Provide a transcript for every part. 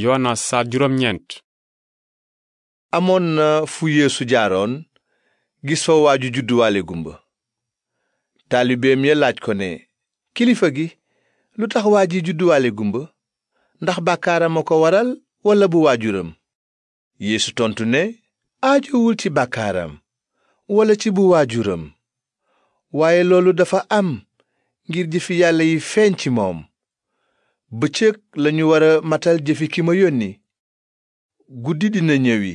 Yowaana saar juróom amoon na fu yeesu jaaroon gis fa waaju judduwaale gumba taalibeem ya laaj ko ne kilifa gi lu tax waa ji judduwaale gumba ndax bàkkaaram a ko waral walla bu waajuram yéesu tontu ne aajowul ci bàkkaaram walla ci bu waajuram waaye loolu dafa am ngir jëfi yàlla yi feeñ ci moom bëccëg lañu war a matal jëfi ki ma yónni guddi dina ñëwi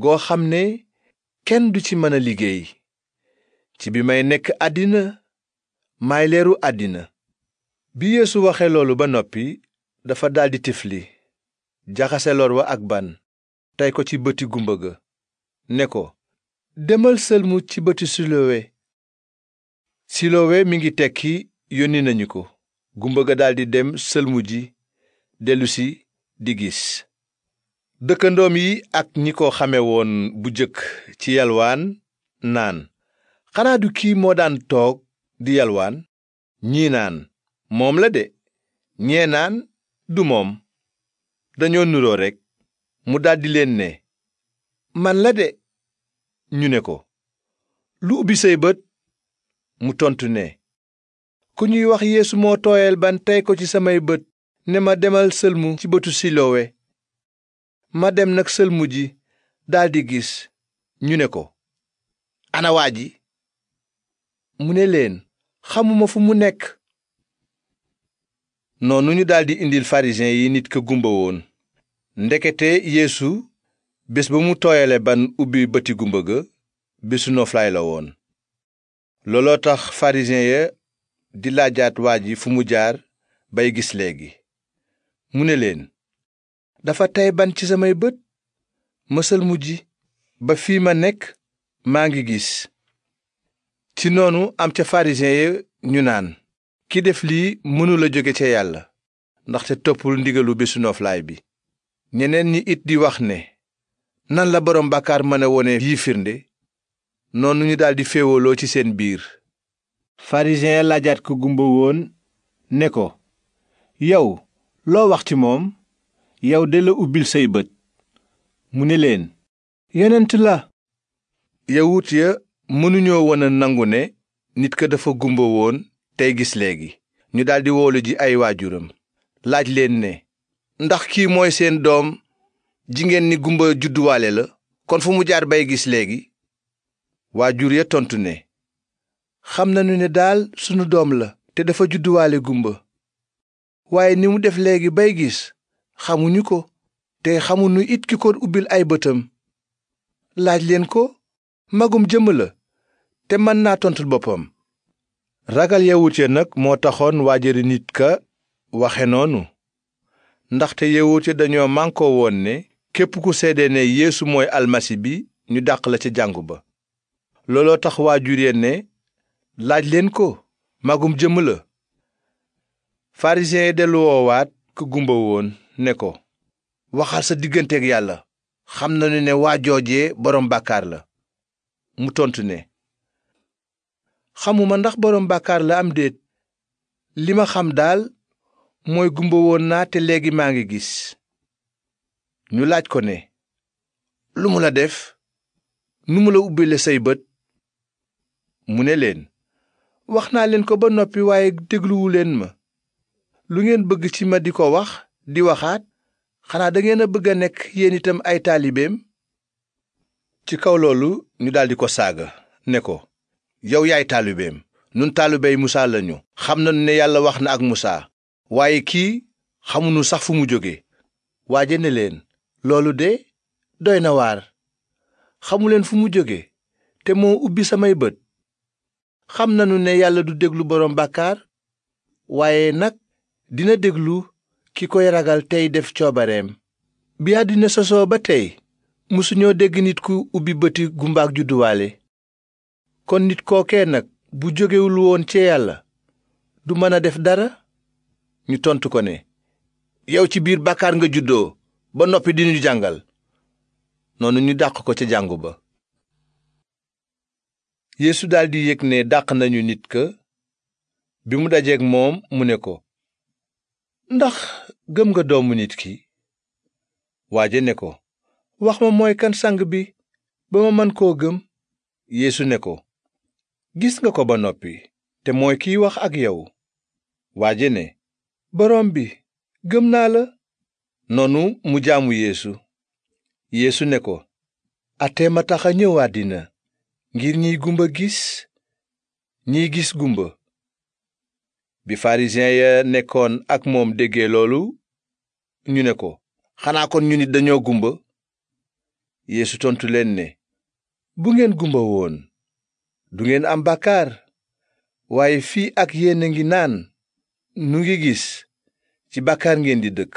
goo xam ne kenn du ci mën a liggéey ci bi may nekk àddina may leeru àddina bi yeesu waxe loolu ba noppi dafa daldi tifli jaxase lor wa ak ban tey ko ci bëti gumba ga ne ko demal sëlmu ci bëti silowe silowe mi ngi tekki yónni nañu ko gumba ga daldi dem sëlmu ji dellusi di gis dëkkandoom yi ak ñi ko xame woon bu jëkk ci yalwaan naan xanaa du kii moo daan toog di yalwaan ñii naan moom la de ñee naan du moom dañoo nuroo rekk mu daldi leen ne man la de ñu ne ko lu ubbi saybët mu tontu ne ku ñuy wax yéesu moo tooyal ban tey ko ci samay bët ne ma demal sëlmu ci bëtu silowe ma dem nag sëlmu ji daldi gis ñu ne ko ana waa ji mu ne leen xamuma fu mu nekk noonu ñu daldi indil farisiyen yi nit ka gumba woon ndekete yéesu bés ba mu tooyale ban ubbi bëti gumba ga bésu noflaay woon looloo tax farisiyen ya di laajaat waa ji fu mu jaar bay gis léegi mu ne leen dafa tey ban ci samay bët mësal mujj ba fii ma nekk maa ngi gis ci noonu am ca farisiyen yi ñu naan ki def lii mënula jóge ca yàlla ndaxte toppul ndigalu bésu nooflaay bi ñeneen ñi it di wax ne nan la borom bàkkaar mën a wone yii firnde noonu ñu daldi féewaloo ci seen biir farisiyen laajaat ko gumba woon ne ko yow loo wax ci moom yow de la ubbil say bët mu ne leen yonent la yawut ya mënuñoo woon a nangu ne nit ka dafa gumba woon tey gis léegi ñu daldi woolu ji ay waajuram laaj leen ne ndax kii mooy seen doom ji ngeen ni gumba judduwaale la kon fu mu jaar bay gis léegi waajur ya tontu ne xam nañu ne daal suñu doom la te dafa judduwaale gumba waaye ni mu def léegi bay gis xamuñu ko te xamuñu it ki ko ubbil ay bëtam laaj leen ko magum jëmm la te mën naa tontul boppam ragal yawut ya nag moo taxoon waajari nit ka waxe noonu ndaxte yawut ya dañoo mànkoo woon ne képp ku seede ne yéesu mooy almasi bi ñu dàq la ca jàngu ba looloo tax waajur ya ne laaj leen ko magum jëmm la farisiyen yi dellu woowaat ku gumba woon ne ko waxal sa digganteek yàlla xam nañu ne waa joojee boroom bàkkaar la mu tontu ne xamuma ndax borom bàkkaar la am déet li ma xam daal mooy gumba woon naa te léegi maa ngi gis ñu laaj ko ne lu mu la def nu mu la ubbile say bët mu ne leen wax naa leen ko ba noppi waaye dégluwu leen ma lu ngeen bëgg ci ma di ko wax di waxaat xanaa dangeen a bëgg a nekk yéen itam ay taalibeem ci kaw loolu ñu daldi ko saaga ne ko yow yaay taalibeem nun taalibey musaa lañu xam nañu ne yàlla wax na ak musaa waaye kii xamuñu sax fu mu jóge waa ne leen loolu de doy na waar xamuleen fu mu jóge te moo ubbi samay bët xam nanu ne yàlla du déglu borom bàkkaar waaye nag dina déglu ki koy ragal tey def coobareem bi àddina sosoo ba tey mësuñoo dégg nit ku ubbi bëti gumbaak judduwaale kon nit kooke nag bu jógewul woon ci yàlla du mën a def dara ñu tontu ko ne yow ci biir bàkkaar nga juddoo ba noppi di jàngal noonu ñu dàq ko ca jàngu ba yéesu daldi yëg ne dàq nañu nit ka bi mu dajeeg moom mu ne ko ndax gëm nga doomu nit ki waaje ne ko wax ma mooy kan sang bi ba ma mën koo gëm yéesu ne ko gis nga ko ba noppi te mooy kiy wax ak yow waaje ne boroom bi gëm naa la noonu mu jaamu yéesu yéesu ne ko ate ma tax a ñëw àddina ngir ñiy gumba gis ñiy gis gumba bi pharisien ya nekkoon ak moom dégge loolu ñu ne ko xanaa kon ñu nit dañoo gumba yeesu tontu leen ne bu ngeen gumba woon du ngeen am bàkkaar waaye fii ak yéen a ngi naan nu ngi gis ci bàkkaar ngeen di dëkk